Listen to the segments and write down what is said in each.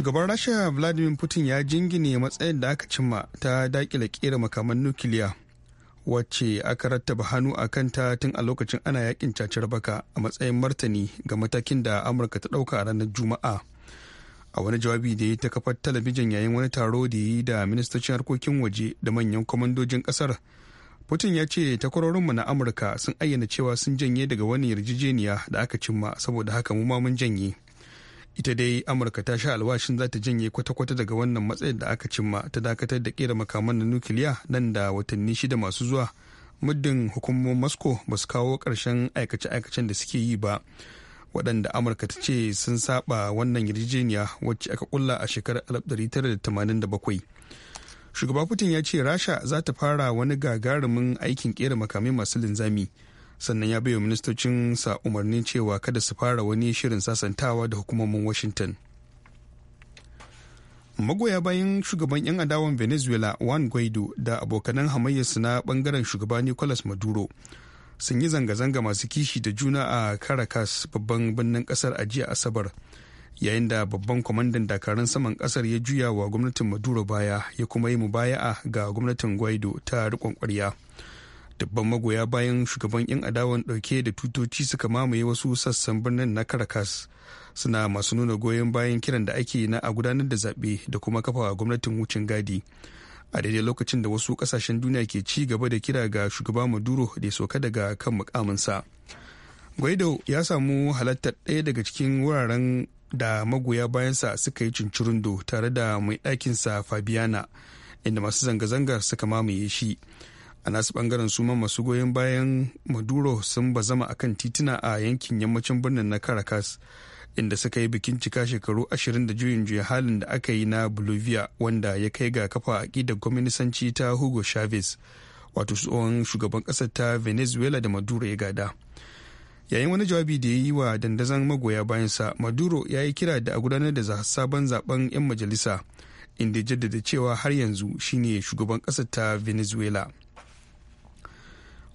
shugaban rasha vladimir putin ya jingine matsayin da aka cimma ta dakile kera makaman nukiliya wacce aka rattaba hannu a kanta tun a lokacin ana yakin cacar baka a matsayin martani ga matakin da amurka ta dauka a ranar juma'a a wani jawabi da ya ta kafar talabijin yayin wani taro da yi da ministocin harkokin waje da manyan kwamandojin kasar putin ya ce takwarorinmu na amurka sun ayyana cewa sun janye daga wani yarjejeniya da aka cimma saboda haka mu ma mun janye ita dai amurka ta sha alwashin za ta janye kwata-kwata daga wannan matsayin da aka cimma ta dakatar da kera makaman na nukiliya nan da watanni shida masu zuwa muddin hukumomin moscow ba su kawo ƙarshen aikace-aikacen da suke yi ba waɗanda amurka ta ce sun saba wannan yarjejeniya wacce aka kulla a shekarar 1987 shugaba putin ya ce rasha za ta fara wani gagarumin aikin kera makamai masu linzami sannan ya baiwa ministocin sa umarnin cewa kada su fara wani shirin sasantawa da hukumomin washington magoya bayan shugaban 'yan adawan venezuela juan guaido da abokanan hamayyarsu na bangaren shugaba nicolas maduro sun yi zanga-zanga masu kishi da juna a caracas babban birnin kasar a jiya asabar yayin da babban kwamandan dakarun saman kasar ya juya wa gwamnatin maduro baya ya kuma yi mubaya'a ga gwamnatin guaido ta rikon kwarya dubban magoya bayan shugaban 'yan adawan ɗauke da tutoci suka mamaye wasu sassan birnin na caracas suna masu nuna goyon bayan kiran da ake na a gudanar da zaɓe da kuma kafawa gwamnatin wucin gadi a daidai lokacin da wasu ƙasashen duniya ke ci gaba da kira ga shugaba maduro da ya soka daga kan mukaminsa guaido ya samu halartar ɗaya daga cikin wuraren da magoya bayansa suka yi cincirindo tare da mai ɗakinsa fabiana inda masu zanga-zangar suka mamaye shi a nasu bangaren su masu goyon bayan maduro sun bazama a kan titina a yankin yammacin birnin na caracas inda suka yi bikin cika shekaru ashirin da juyin juya halin da aka yi na bolivia wanda ya kai ga kafa aƙidar gwamnatisanci ta hugo chavez wato tsohon shugaban ƙasar ta venezuela da maduro ya gada yayin wani jawabi da ya yi wa dandazon magoya bayansa maduro ya yi kira da a gudanar da sabon zaben 'yan majalisa inda jaddada cewa har yanzu shine shugaban ƙasar ta venezuela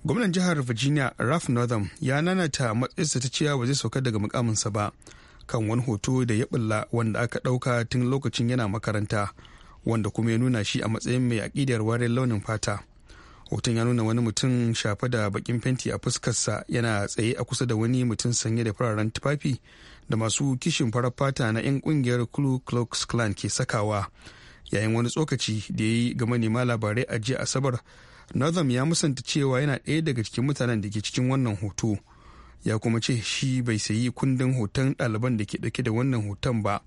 gwamnan jihar virginia ralph northam ya nanata matsayinsa ta cewa ba zai sauka daga mukaminsa ba kan wani hoto da ya bulla wanda aka ɗauka tun lokacin yana makaranta wanda kuma ya nuna shi a matsayin mai aƙidar warin launin fata hoton ya nuna wani mutum shafa da bakin fenti a fuskarsa yana tsaye a kusa da wani mutum sanye da fararen tufafi da masu kishin farar fata na 'yan kungiyar ku klux klan ke sakawa yayin wani tsokaci da ya yi ga manema labarai a jiya asabar northern ya musanta cewa yana ɗaya daga cikin mutanen da ke cikin wannan hoto. Ya kuma ce shi bai sayi kundin hoton ɗaliban da ke ɗauke da wannan hoton ba,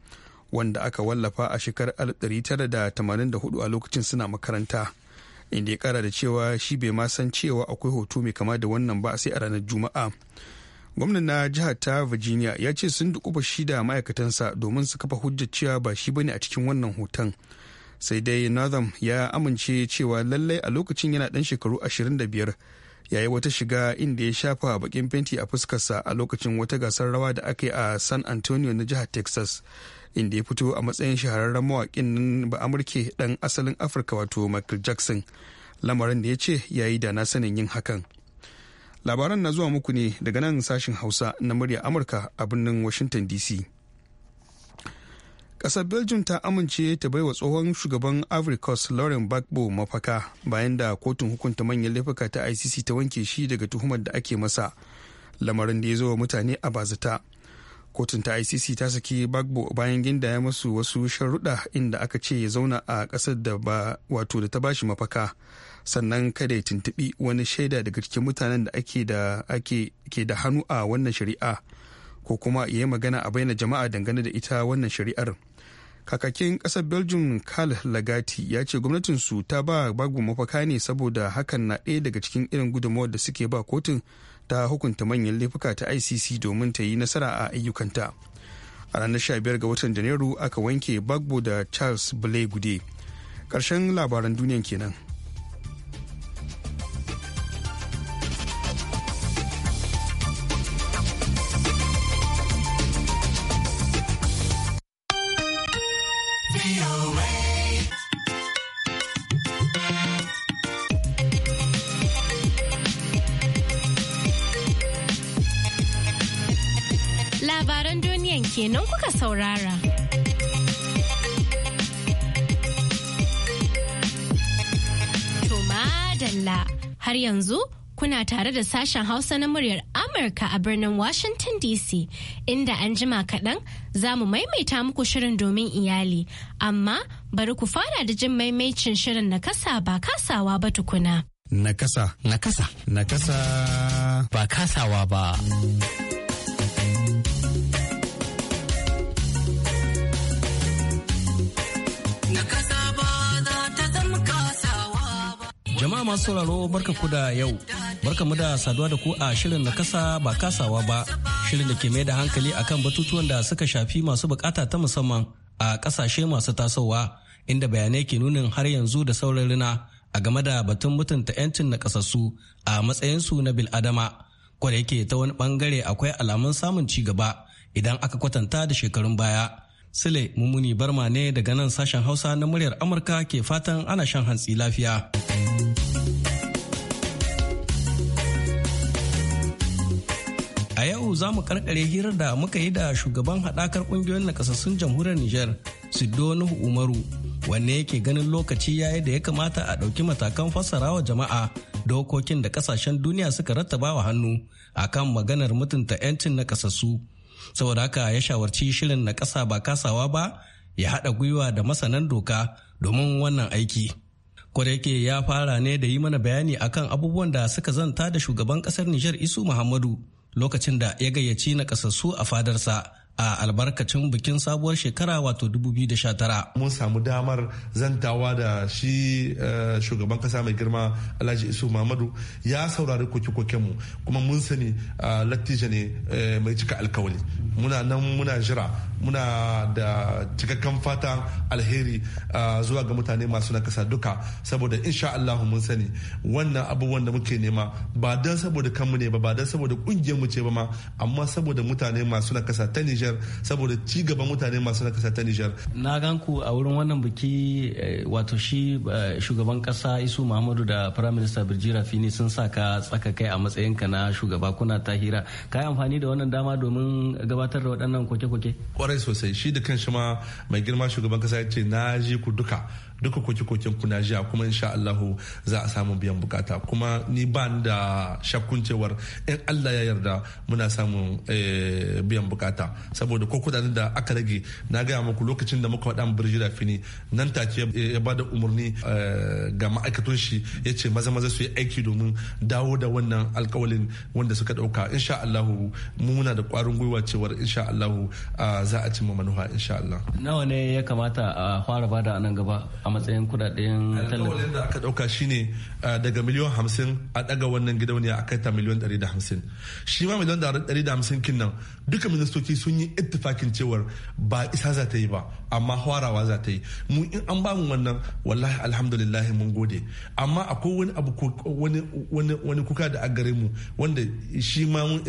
wanda aka wallafa a shekarar 1984 a lokacin suna makaranta. Inda ya kara da cewa shi bai ma san cewa akwai hoto mai kama da wannan ba sai a ranar Juma'a. Gwamnan na jihar ta Virginia ya ce sun dukuba shida da ma'aikatansa domin su kafa hujjar cewa ba shi bane a cikin wannan hoton. sai dai northern ya amince cewa lallai a lokacin yana dan shekaru 25 ya yi wata shiga inda ya shafa bakin fenti a fuskarsa a lokacin wata gasar rawa da aka yi a san antonio na jihar texas inda ya fito a matsayin shahararren mawaƙin nan ba amurke dan asalin afirka wato michael jackson lamarin da ya ce yayi da na sanin yin hakan labaran na zuwa muku ne daga nan sashen hausa na murya amurka a birnin washington dc kasar belgium ta amince ta baiwa tsohon shugaban coast lauren bagbo mafaka bayan da kotun hukunta manyan laifuka ta icc ta wanke shi daga tuhumar da ake masa lamarin da ya zo wa mutane a bazata kotun ta icc ta saki bagbo bayan ginda ya masu wasu sharuɗa inda aka ce ya zauna a ƙasar da ba wato da ta bashi mafaka sannan kada ya tuntuɓi wani shaida daga cikin mutanen da ake da ake ke da hannu a wannan shari'a ko kuma ya yi magana a bayyana jama'a dangane da ita wannan shari'ar kakakin kasar belgium karl lagati ya ce gwamnatinsu ta ba bagu mafaka ne saboda hakan na ɗaya daga cikin irin gudunmawar da suke ba kotun ta hukunta manyan laifuka ta icc domin ta yi nasara a ayyukanta a ranar 15 ga watan janairu aka wanke bagbo da charles blay gude ƙarshen labaran duniyan kenan. Har yanzu kuna tare da sashen Hausa na muryar Amurka a birnin Washington DC inda an jima kaɗan za mu maimaita muku shirin domin iyali. Amma bari ku fara da jin maimaicin shirin na kasa ba kasawa ba tukuna. Nakasa. Nakasa. Nakasa. Ba kasawa ba. Jama'a masu sauraro barka ku da yau. Barka mu da saduwa da ku a shirin na kasa ba kasawa ba. Shirin da ke mai da hankali akan batutuwan da suka shafi masu bukata ta musamman a kasashe masu tasowa inda bayanai ke nunin har yanzu da saurarina a game da batun mutunta 'yancin na kasassu a su na bil'adama. Kwada yake ta wani bangare akwai alamun samun ci gaba idan aka kwatanta da shekarun baya. Sule Mumuni Barma ne daga nan sashen Hausa na muryar Amurka ke fatan ana shan hantsi lafiya. A yau za mu karkare hirar da muka yi da shugaban haɗakar ƙungiyoyin nakasassun jamhuriyar Nijar, sido Nuhu Umaru, wanne yake ganin lokaci yayi da ya kamata a ɗauki matakan fassara wa jama'a dokokin da ƙasashen duniya suka rattaba wa hannu akan maganar mutunta 'yancin nakasassu. saboda haka ya shawarci shirin na ƙasa ba kasawa ba ya haɗa gwiwa da masanan doka domin wannan aiki. yake ya fara ne da yi mana bayani akan abubuwan da suka zanta da shugaban ƙasar Nijar Isu Muhammadu lokacin da ya gayyaci na kasassu a fadarsa a albarkacin bikin sabuwar shekara wato 2019. Mun samu damar zantawa da shi eh, shugaban kasa mai girma Alhaji Isu Muhammadu ya saurari koke mu kuma mun sani eh, lattija ne eh, mai cika alkawali. Muna nan muna jira muna da cikakken fata alheri zuwa ga mutane masu nakasa duka saboda insha Allah mun sani wannan abubuwan da muke nema ba don saboda kanmu ne ba ba don saboda kungiyar mu ce ba ma amma saboda mutane masu kasa ta Nijar Niger saboda ci gaban mutane masu nakasa ta Nijar. Na gan ku a wurin wannan biki eh, wato shi eh, shugaban kasa Isu Muhammadu da Prime Minister Birji Rafini sun sa ka tsaka kai a matsayin ka na shugaba kuna ta hira. Ka yi amfani da wannan dama domin gabatar da waɗannan koke-koke? Kwarai sosai shi da kan shi ma mai girma shugaban kasa ya ce na ji ku duka duka koke-koken kuna jiya kuma insha Allah za a samu biyan bukata kuma ni ba da shakkun cewar in Allah ya yarda muna samun eh, biyan bukata saboda ko kudaden da aka rage na gaya muku lokacin da muka faɗa birjira fini nan take ya bada umarni eh, ga ma'aikatun shi ya ce maza maza su yi aiki domin dawo da wannan alkawalin wanda suka ɗauka insha Allah muna da ƙwarin gwiwa cewar insha Allah ah, za a cimma manufa insha Allah nawa ne ya kamata a fara bada a nan gaba a matsayin kudaden tallafin da aka dauka shine eh, daga miliyan hamsin a daga wannan gidauniya a kai ta miliyon dari da hamsin shi ma miliyon dari da hamsin kin nan duka ministoci sun yi ittifakin cewar ba isa za ta yi ba amma hwarawa za ta yi mu in an bamu wannan wallahi alhamdulillahi mun gode amma akwai wani abu wani kuka da a gare mu wanda shi ma mun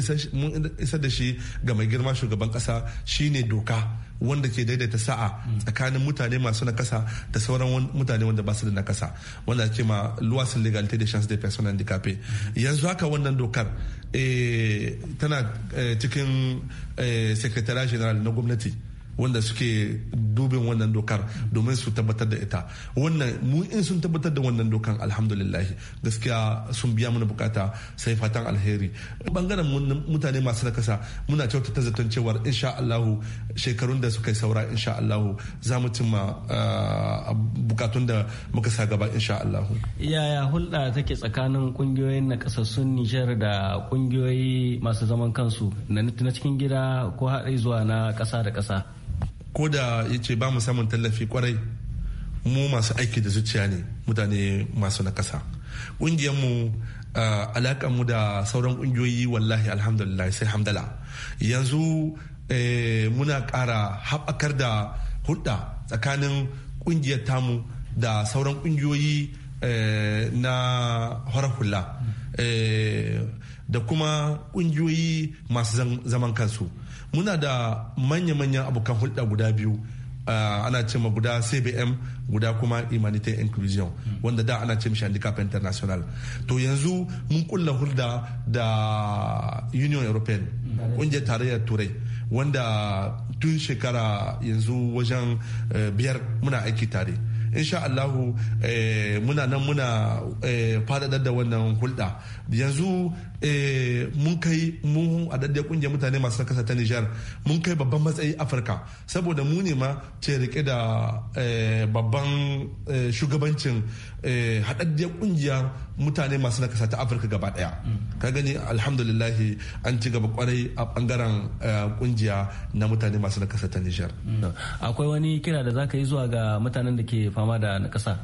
isa da shi ga mai girma shugaban kasa shine doka wanda ke daidaita sa'a mm. tsakanin mutane masu nakasa da sauran sauran mutane wanda ba su da nakasa wanda ake ma luwas legalite de chance de personnes handicapées yanzu haka wannan dokar eh, tana eh, cikin eh, secretariat general na gwamnati wanda suke dubin wannan dokar domin su tabbatar da ita wannan mu in sun tabbatar da wannan dokan alhamdulillah gaskiya sun biya mana bukata sai fatan alheri bangaren mutane masu nakasa muna ta zaton cewar insha Allahu shekarun da suka saura insha Allahu za mu cimma ah, bukatun da muka sa gaba insha Allahu yaya hulɗa take tsakanin kungiyoyin nakasassun Nijar da kungiyoyi masu zaman kansu na cikin gida ko haɗe zuwa na ƙasa da ƙasa ko da ya ce ba mu samun tallafi kwarai mu masu aiki da zuciya ne mutane masu na ƙasa ƙungiyarmu alaƙar mu da sauran ƙungiyoyi wallahi alhamdulillah sai hamdala yanzu eh, muna ƙara haɓakar da hulɗa tsakanin ƙungiyar tamu da sauran ƙungiyoyi eh, na horar hula eh, da kuma ƙungiyoyi masu zaman kansu muna da manya-manyan abokan hulɗa guda biyu Uh, ana ce ma guda cbm guda kuma imanite inclusion mm. wanda da ana ce mishi handicap international to yanzu mun kulla hulɗa da union european ƙungiyar mm. tarayyar turai wanda tun shekara yanzu wajen uh, biyar muna aiki tare insha Allahu eh, muna nan muna eh, fadadar da wannan hulɗa yanzu eh, mun kai mun adadin kungiyar mutane masu kasa ta Nijar mun kai babban matsayi Afirka saboda mu ne ma ce rike da babban shugabancin Eh, haɗaɗɗiyar ƙungiyar mutane masu nakasa ta afirka gaba ɗaya ka gani alhamdulillah an ci gaba kwarai a ɓangaren eh, ƙungiya na mutane masu nakasa ta nijar mm. akwai wani kira da za ka yi zuwa ga mutanen da ke fama da nakasa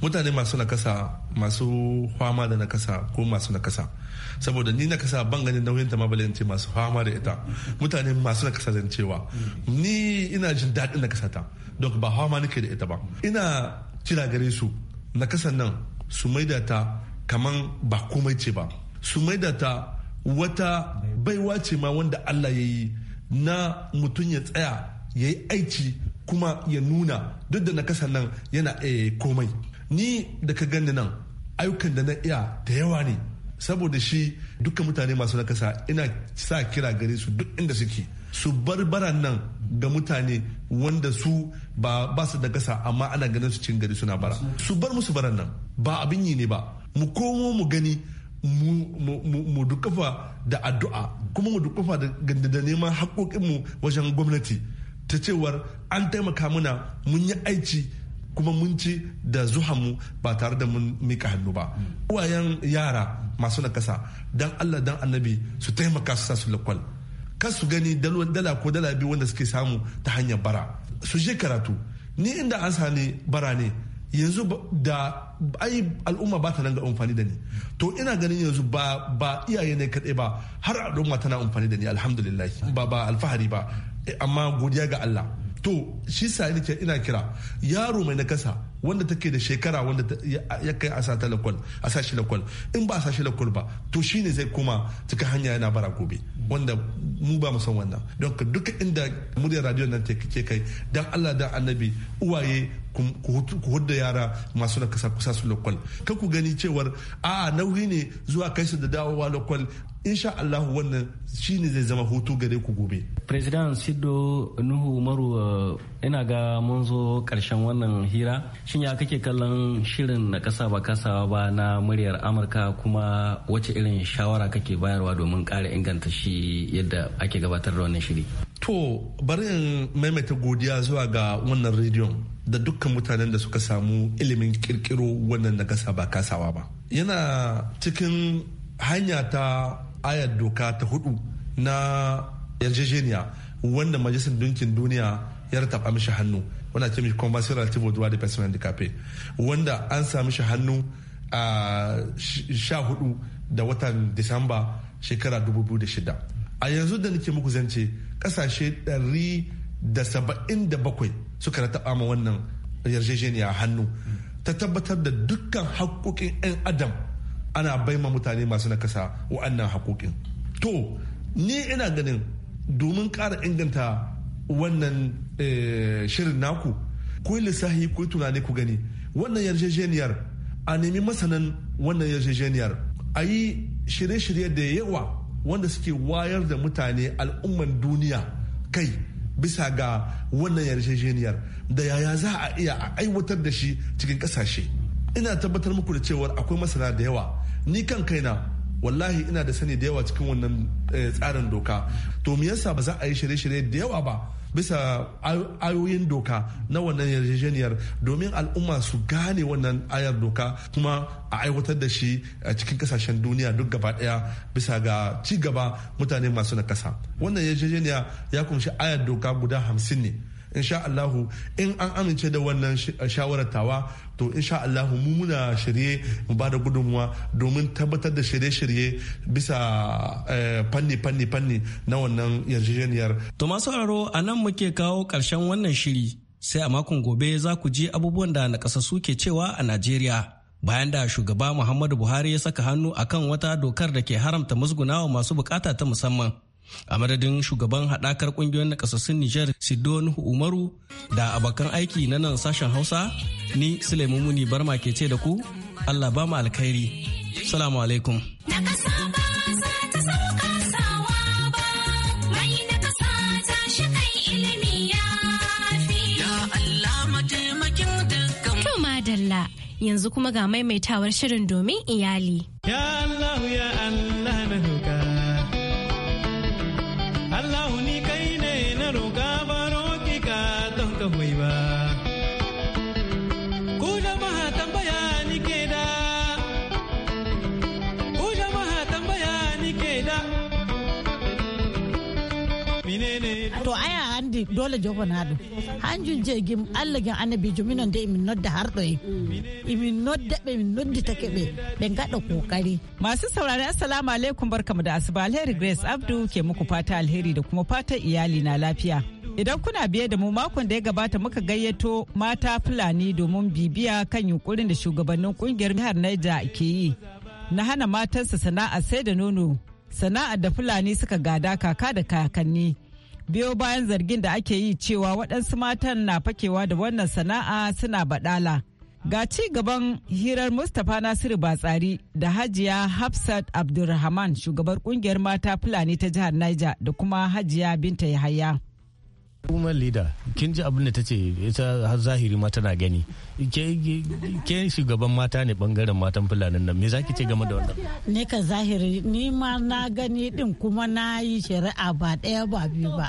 mutane masu nakasa masu fama da nakasa ko masu nakasa saboda ni nakasa ban ganin nauyin ta mabalin ce masu fama da ita mutane masu nakasa zan cewa ni ina jin daɗin nakasa ta don ba fama nake da ita ba ina cira gare su kasan nan su maida ta kaman ba komai ce ba su maida ta wata baiwa ce ma wanda Allah ya yi na mutum ya tsaya ya yi aiki kuma ya nuna duk da nakasan nan yana iya eh, komai ni da ka gani nan ayyukan da na iya da yawa ne saboda shi dukkan mutane masu nakasa ina sa kira gare su duk inda suke su bar baran nan ga mutane wanda su ba ba su da gasa amma ana ganin su cin gari suna bara su bar musu baran nan ba abin yi ne ba mu komo mu gani mu dukafa da addu'a kuma mu dukafa da neman haƙoƙinmu wajen gwamnati ta cewar an taimaka muna mun yi aiki kuma mun ci da zuhanmu ba tare da mun mika hannu ba uwayen yara masu nakasa dan allah dan annabi su taimaka su sa su lakwal kar su gani dala ko dala biyu wanda suke samu ta hanyar bara su je karatu ni inda an sani bara ne yanzu da ai al'umma ba ta nan ga amfani da ni to ina ganin yanzu ba ba iyaye ne kadai ba har al'umma tana amfani da ni alhamdulillah ba ba alfahari ba eh, amma godiya ga Allah to shi sa ni ce ina kira yaro mai nakasa wanda take da shekara wanda ya kai a sata lakwal a lakwal in ba a sashi lakwal ba to shi ne zai koma cikin hanya yana bara gobe wanda mu ba mu san wannan don ka duka inda muryar radio nan ta ke kai dan Allah da annabi uwaye ku hudda yara masu nakasa kusa su lakwal ka ku gani cewar a nauyi ne zuwa kai su da dawowa lakwal insha Allah wannan ne zai zama hutu gare ku gobe. President Sido Nuhu Umaru eh, ina ga mun zo karshen wannan hira shin ya kake kallon shirin na kasa ba kasawa ba na muryar Amurka kuma wace irin shawara kake bayarwa domin ƙara inganta shi yadda ake gabatar da wannan shiri. To bari in maimaita godiya zuwa ga wannan rediyon da dukkan mutanen da suka samu ilimin kirkiro wannan na kasa ba kasawa ba. Yana cikin hanya ta ayar doka ta hudu na yarjejeniya wanda majalisar dunkin duniya ya rataba mishi hannu wanda ce mishi convention relative of the person handicapé wanda an sami shi hannu a sha hudu da watan disamba shekara 2006 a yanzu da nake muku zance kasashe 177 suka rataba ma wannan yarjejeniya hannu ta tabbatar da dukkan haƙƙoƙin 'yan adam ana baima mutane masu nakasa wa'annan haƙoƙin to ni ina ganin domin ƙara inganta wannan eh, shirin naku ko yi lissahi ku tunani ku gani wannan yarjejeniyar a nemi masanan wannan yarjejeniyar a yi shirye-shirye da yawa wanda suke wayar da mutane al'umman duniya kai bisa ga wannan yarjejeniyar da yaya za a iya a aiwatar da shi cikin ƙasashe ina tabbatar muku da cewar akwai masana da yawa ni kan kai na wallahi ina da sani da yawa cikin wannan eh, tsarin doka to me yasa ba za a yi shirye-shirye da yawa ba bisa ayoyin doka na wannan yarjejeniyar domin al'umma su gane wannan ayar doka kuma a aiwatar da shi a cikin kasashen duniya duk gaba daya bisa ga ci gaba mutane masu nakasa wannan yarjejeniya ya kunshi ayar doka guda hamsin ne insha Allahu in an amince da wannan eh, shawarar to insha Allahu mu muna shirye mu ba da gudunmuwa domin tabbatar da shirye-shirye bisa fanni-fanni-fanni eh, na wannan yarjejeniyar. To masu sauraro a nan muke kawo ƙarshen wannan shiri sai a makon gobe za ku ji abubuwan da nakasassu ke cewa a Najeriya. Bayan da shugaba Muhammadu Buhari ya saka hannu akan wata dokar da ke haramta musgunawa masu bukata ta musamman. a madadin shugaban haɗakar ƙungiyoyin nakasassun Nijar Sidon Umaru da abokan aiki na nan sashen Hausa ni Suleiman Muni Barma ke ce da ku Allah ba mu alkhairi. Salamu alaikum. Yanzu kuma ga maimaitawar shirin domin iyali. Ya Allah ya dole jogo hanjun je gim allah gam annabijo minon de min nodda harɗoye emin nodda ɓe noddi take ɓe ɓe gaɗa kokari masu saurari assalamu alaikum barkamu da asuba alheri grace abdu ke muku fata alheri da kuma fatan iyali na lafiya Idan kuna biye da mu makon da ya gabata muka gayyato mata Fulani domin bibiya kan yunkurin da shugabannin kungiyar jihar Niger ke yi na hana matansa sana'a sai da nono, sana'a da Fulani suka gada kaka da kakanni. biyo bayan zargin da ake yi cewa waɗansu matan na fakewa da wannan sana'a suna baɗala. Ga ci gaban hirar Mustapha Nasiru Batsari da Hajiya Hafsat Abdulrahman shugabar kungiyar mata Fulani ta jihar Niger da kuma Hajiya Binta Yahaya. woman leader kin ji abin da ta ce ita har zahiri ma tana gani ke shugaban mata ne bangaren matan fulanin nan me za ki ce game da wannan ne ka zahiri ni ma na gani din kuma na yi shari'a ba ɗaya ba biyu ba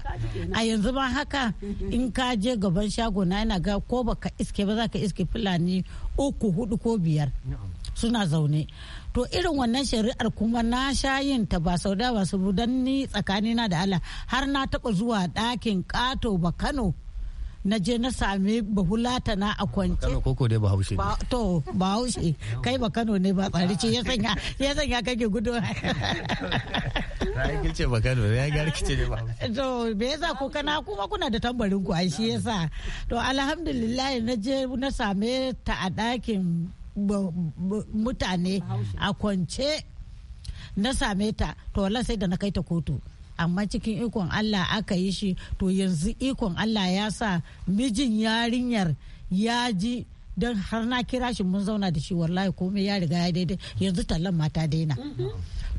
a yanzu ma haka in ka je gaban shago na yana ga ko baka iske ba za ka iske fulani uku hudu ko biyar suna zaune to irin wannan shari'ar kuma na sha yin ta ba sau da ba su dan ni tsakanina da Allah har na taba zuwa ɗakin kato ba Kano na je na sami bahulata na a kwance. Kano koko dai bahaushe. Ba, to bahaushe kai ba Kano ne ba tsari ce ya sanya ya sanya kake gudu. yi kice ba Kano ya ga kice ne ba. To me yasa ko kana kuma kuna da tambarin ku ai shi yasa. To alhamdulillah na je na same ta a dakin mutane a kwance na same ta to wala sai da na kai ta kotu amma cikin ikon Allah aka yi shi to yanzu ikon Allah ya sa mijin yarinyar ya ji don har na kira shi mun zauna da shi wallahi komai ya riga ya daidai yanzu tallan mata daina mhm.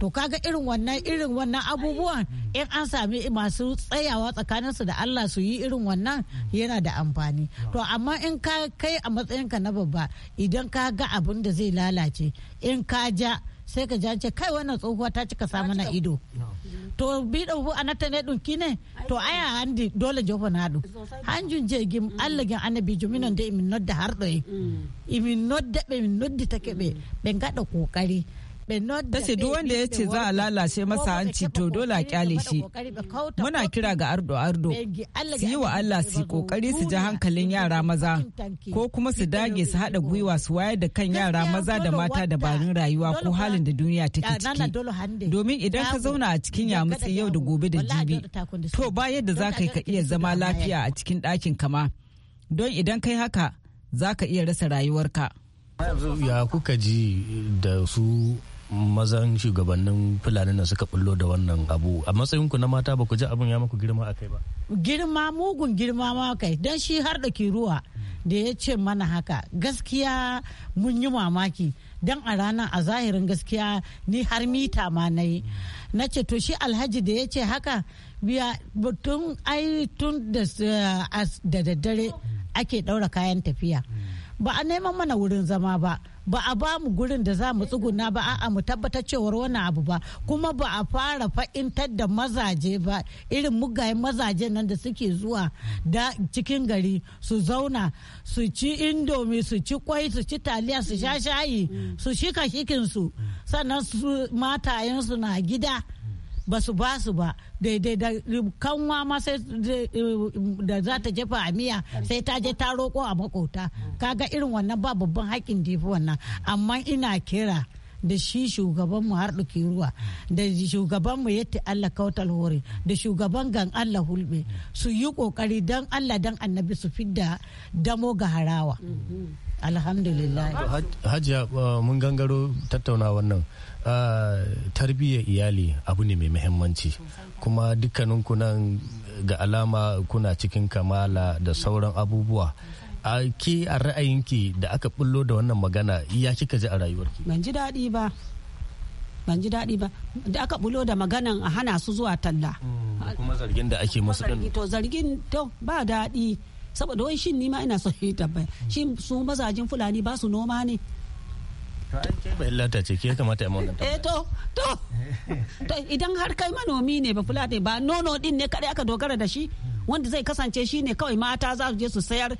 to kaga irin wannan irin wannan abubuwan in an sami masu tsayawa tsakaninsu da Allah su yi irin wannan yana da amfani to amma in ka kai a matsayin ka na babba idan ka ga abin da zai lalace in ka ja sai ka jance kai wannan tsohuwa ta cika samu na ido to bi da dauhu anata ne dunki ne to aya handi dole jofa na du hanjun je gim gin annabi juminan da imin nodda har doye mm. imin nodda be min noddi take be ben gada kokari ta ce duk wanda ya ce za a lalace masa hanci to dole a kyale shi muna kira ga ardo ardo su yi wa allah su kokari su ji hankalin yara maza ko kuma su dage su haɗa gwiwa su wayar da kan yara maza da mata dabarun rayuwa ko halin da duniya take ciki domin idan ka zauna a cikin yamutsi yau da gobe da jibi to ba yadda za ka iya zama lafiya a cikin ɗakin kama don idan kai haka za ka iya rasa rayuwarka. ya kuka ji da su mazan shugabannin fulani na suka bullo da wannan abu a matsayin ku na mata ba ku ji abin ya maku girma akai ba girma mugun girma ma kai dan shi har da ke ruwa da ya ce mana haka gaskiya mun yi mamaki dan a ranar a zahirin gaskiya ni har mita ma nayi yi na ce to shi alhaji da ya ce haka biya tun ai tun da eh, daddare ake daura kayan tafiya ba a neman mana wurin zama ba ba a ba mu gurin da za mu tsuguna ba a'a mu tabbatar cewar wani abu ba kuma ba a fara fa'intar da mazaje ba irin mugayen mazaje nan da suke zuwa da cikin gari su zauna su ci indomi su ci kwai su ci taliya su sha shayi su shika shikinsu sannan su matayensu na gida ba su ba su ba daidai da kanwa ma sai da za ta jefa a miya sai ta je ta roƙo a makota kaga irin wannan ba babban haƙin jefi wannan amma ina kira da shi shugabanmu har ɗuki ruwa da shugabanmu yatti Allah kautal hori da shugaban gan Allah hulbe su yi ƙoƙari don Allah don annabi su fidda damo ga harawa mm-hmm. alhamdulillah hajiya uh, mun gangaro tattauna wannan tarbiyyar iyali abu ne mai muhimmanci kuma dukkanin nan ga alama kuna cikin kamala da sauran abubuwa a ki a ra'ayinki da aka bullo da wannan magana ya kika ji a rayuwarki ban ji daɗi ba ban ji daɗi ba da aka bulo da maganan a hana su zuwa talla mm, kuma zargin da ake musu din to zargin to ba daɗi saboda wai shin nima ina so yi tabbaya shin su mazajin fulani ba su noma ne to an ce ba illata ce ke kamata ya mauna eh to to to idan har kai manomi ne ba fulani ba nono din ne kadai aka dogara da shi wanda zai kasance shi ne kawai mata za su je su sayar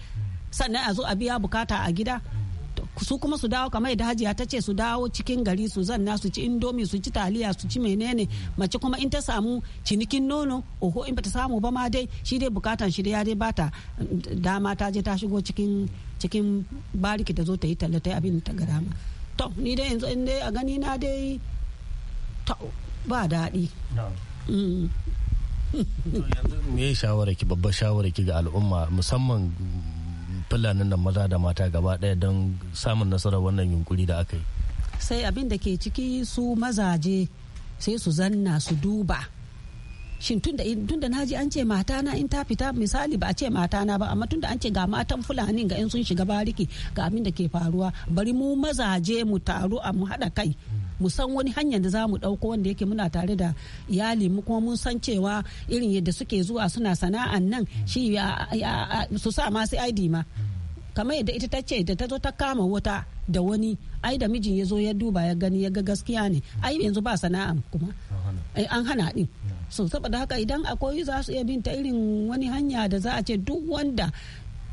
sannan a zo a biya bukata a gida su kuma su dawo kamar yadda hajiya ta ce su dawo cikin gari su zanna su ci indomi su ci taliya su ci menene mace kuma in ta samu cinikin nono oho in bata samu ba ma dai shi dai bukatan shi dai ya dai bata dama ta je ta shigo cikin cikin bariki ta zo ta yi talla ta abin ta ga dama to ni dai yanzu a gani na dai to ba daɗi mm. yanzu me shawara ki babbar shawara ki ga al'umma musamman fulanin nan maza da mata gaba ɗaya don samun nasarar wannan yunkuri da aka yi sai abin da ke ciki su mazaje sai su zanna su duba shin tunda tunda naji an ce mata na in ta fita misali ba a ce mata na ba amma tunda an ce ga matan fulani ga in sun shiga bariki ga abin da ke faruwa bari mu mazaje mu taru a mu hada kai mu san wani hanyar da za mu ɗauko wanda yake muna tare da iyali mu kuma mun san cewa irin yadda suke zuwa suna sana'an nan shi su sa ma sai ID ma kamar yadda ita ta ce da ta zo ta kama wata da wani ai da mijin ya zo ya duba ya gani ya ga gaskiya ne ai yanzu ba sana'a kuma an hana din eh, su saboda haka idan akwai za su iya bin ta irin wani hanya da za a ce duk wanda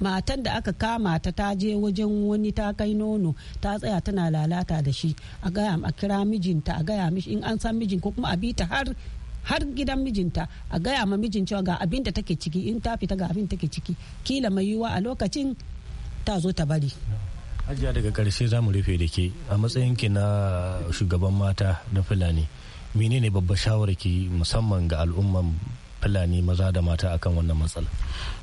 matan da aka kama ta ta je wajen wani ta kai nono ta tsaya tana lalata da shi a gaya a kira mijinta a gaya mishi in an san mijin ko kuma a bi ta har har gidan mijinta a gaya ma mijin cewa ga abin da take ciki in ta fita ga abin take ciki kila mai yiwuwa a lokacin ta zo ta bari hajiya daga karshe za mu rufe da ke a matsayin ki na shugaban mata na fulani menene babbar shawara ke musamman ga al'umman fulani maza da mata akan wannan matsala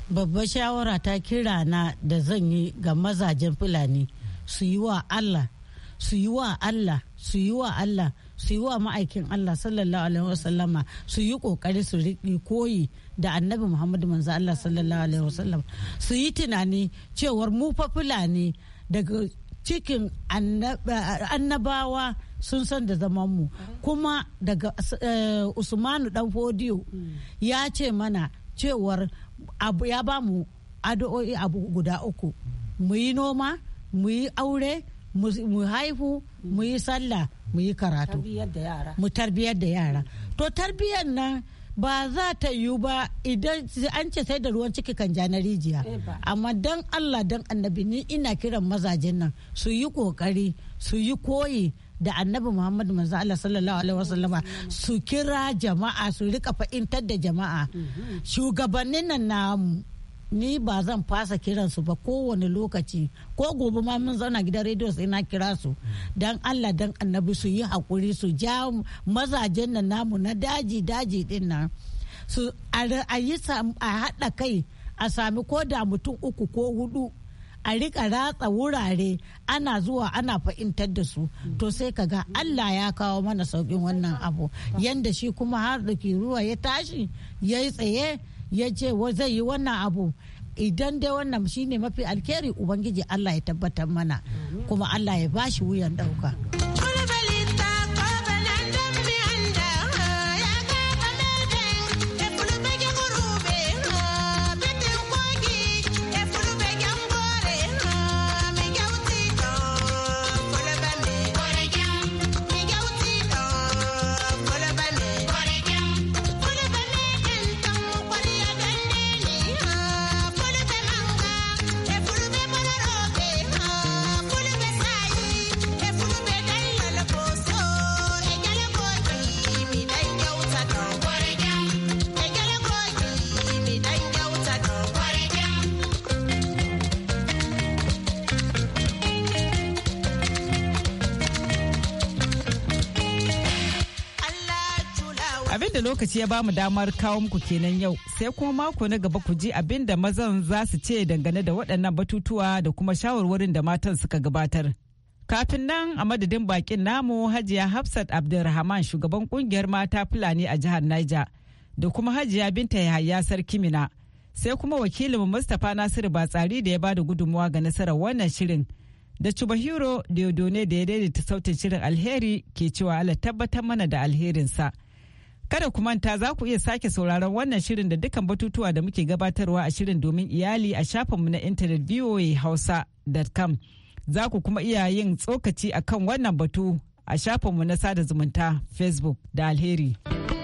babba shawara ta kira na da zan yi ga mazajen fulani su yi wa allah su yi wa allah su yi wa allah su yi wa ma'aikin Allah sallallahu alaihi wasallama su yi kokari su riƙi koyi da annabi Muhammadu manzo Allah sallallahu alaihi wasallam su yi tunani cewar mu fa fulani daga cikin annabawa sun san da zamanmu kuma daga eh, usmanu dan fodiyo ya ce mana cewar ya ba mu addu'o'i abu guda uku mu yi noma mu yi aure mu haihu mu yi sallah mu yi karatu mu tarbiyar da yara to tarbiyar nan ba za ta yiwu ba idan an ce sai da ruwan ciki kan ja na rijiya eh amma dan allah dan annabi ni ina kiran mazajen nan su yi kokari su yi koyi da annabi muhammadu manzo allah sallallahu alaihi wasallama su kira jama'a su rika fa'intar da jama'a mhm. shugabannin nan namu ni ba zan fasa kiran su ba kowane lokaci ko gobe ma mun zauna gidan rediyo sai na kira su dan Allah dan annabi su yi hakuri su ja mazajen nan namu na daji daji din nan su a yi a haɗa kai a sami ko da mutum uku ko hudu a rika ratsa wurare ana zuwa ana fa'intar da su to sai ka ga Allah ya kawo mana saukin wannan abu yanda shi kuma har ruwa ya tashi ya yi tsaye ya ce zai yi wannan abu idan dai wannan shine mafi alkhairi ubangiji allah ya tabbatar mana kuma allah ya bashi wuyan dauka. da lokaci ya ba mu damar kawo muku kenan yau sai kuma mako na gaba ku ji abin da mazan za su ce dangane da waɗannan batutuwa da kuma shawarwarin da matan suka gabatar. Kafin nan a madadin bakin namu Hajiya Hafsat Abdulrahman shugaban kungiyar mata Fulani a jihar Niger da kuma Hajiya Binta Yahaya Sarki Mina sai kuma wakilin Mustapha Nasiru Batsari da ya ba da gudunmawa ga nasarar wannan shirin. da chuba Chubahiro Diodone da ya daidaita sautin shirin alheri ke cewa Allah tabbatar mana da alherinsa. Kada ku manta za ku iya sake sauraron wannan shirin da dukkan batutuwa da muke gabatarwa a shirin domin iyali a shafinmu na intanet voahausa.com. Za ku kuma iya yin tsokaci a kan wannan batu a shafinmu na sada zumunta Facebook da alheri.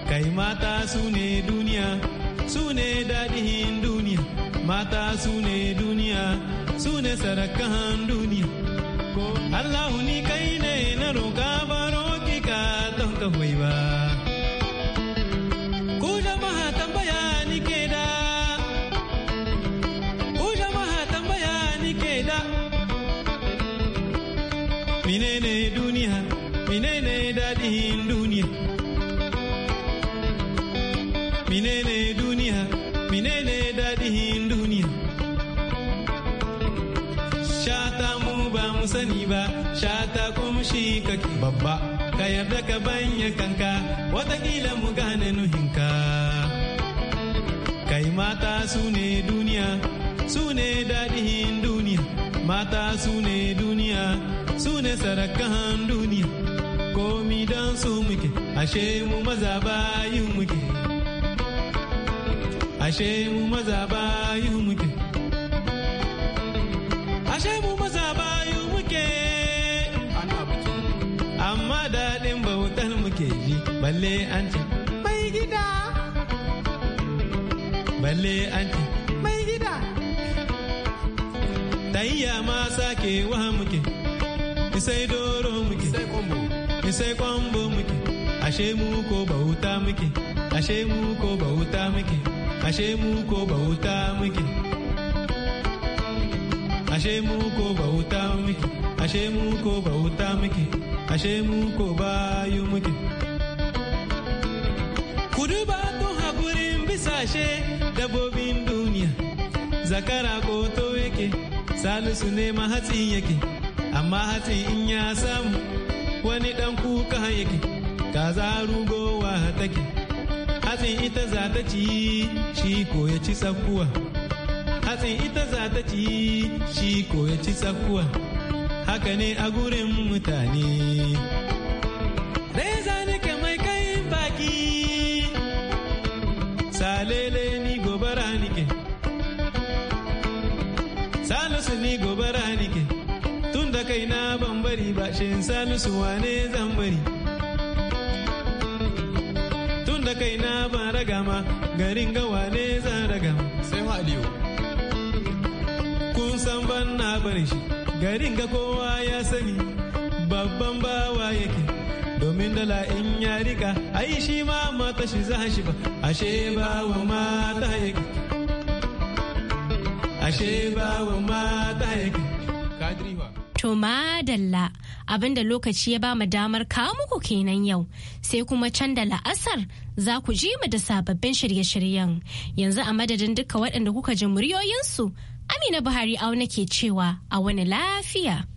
Kai mata su ne duniya, su ne daɗin duniya, mata su ne duniya, su ne sarakan duniya. Allahu ni kai ne na roƙa baro ki ka don ka ba. daga banya kanka watakila mu gane nuhinka kai mata su ne duniya su ne daɗin duniya mata su ne duniya su ne sarakan duniya komi don su muke ashe mu maza bayin muke ashe mu maza bayin muke balle an ce mai gida balle an ce mai gida tayya ma sake waha muke isai doro muke isai kwambo muke ashe mu ko bauta muke ashe mu ko bauta muke ashe mu ko bauta muke ashe mu ko bauta muke ashe mu ko bauta muke ashe mu ko bayu muke kudu ba tun haƙurin bisashe dabobin duniya zakara ko to yake salisu ne ma hatsi yake amma hatsi in ya samu wani ɗan kuka yake kaza rugowa take hatsin ita za ta ci shi ko ya ci ita za ta ci shi ko ya ci haka ne a gurin mutane. Reza alele ni gobara nike salisu ni gobara nike tun da kai na ban bari ba shin salisu wane zan bari tun da kai na ban ragama ma garin ga wane zan ragama sai ma kun san ban na bari shi garin ga kowa ya sani babban bawa yake domin dala in ya rika ai shi ma mata shi za shi ba ashe ba wa mata yake ashe ba wa mata yake To madalla abinda lokaci ya ba mu damar kawo muku kenan yau sai kuma can da la'asar za ku ji mu da sababbin shirye-shiryen yanzu a madadin duka waɗanda kuka ji muryoyinsu Amina Buhari au nake cewa a wani lafiya.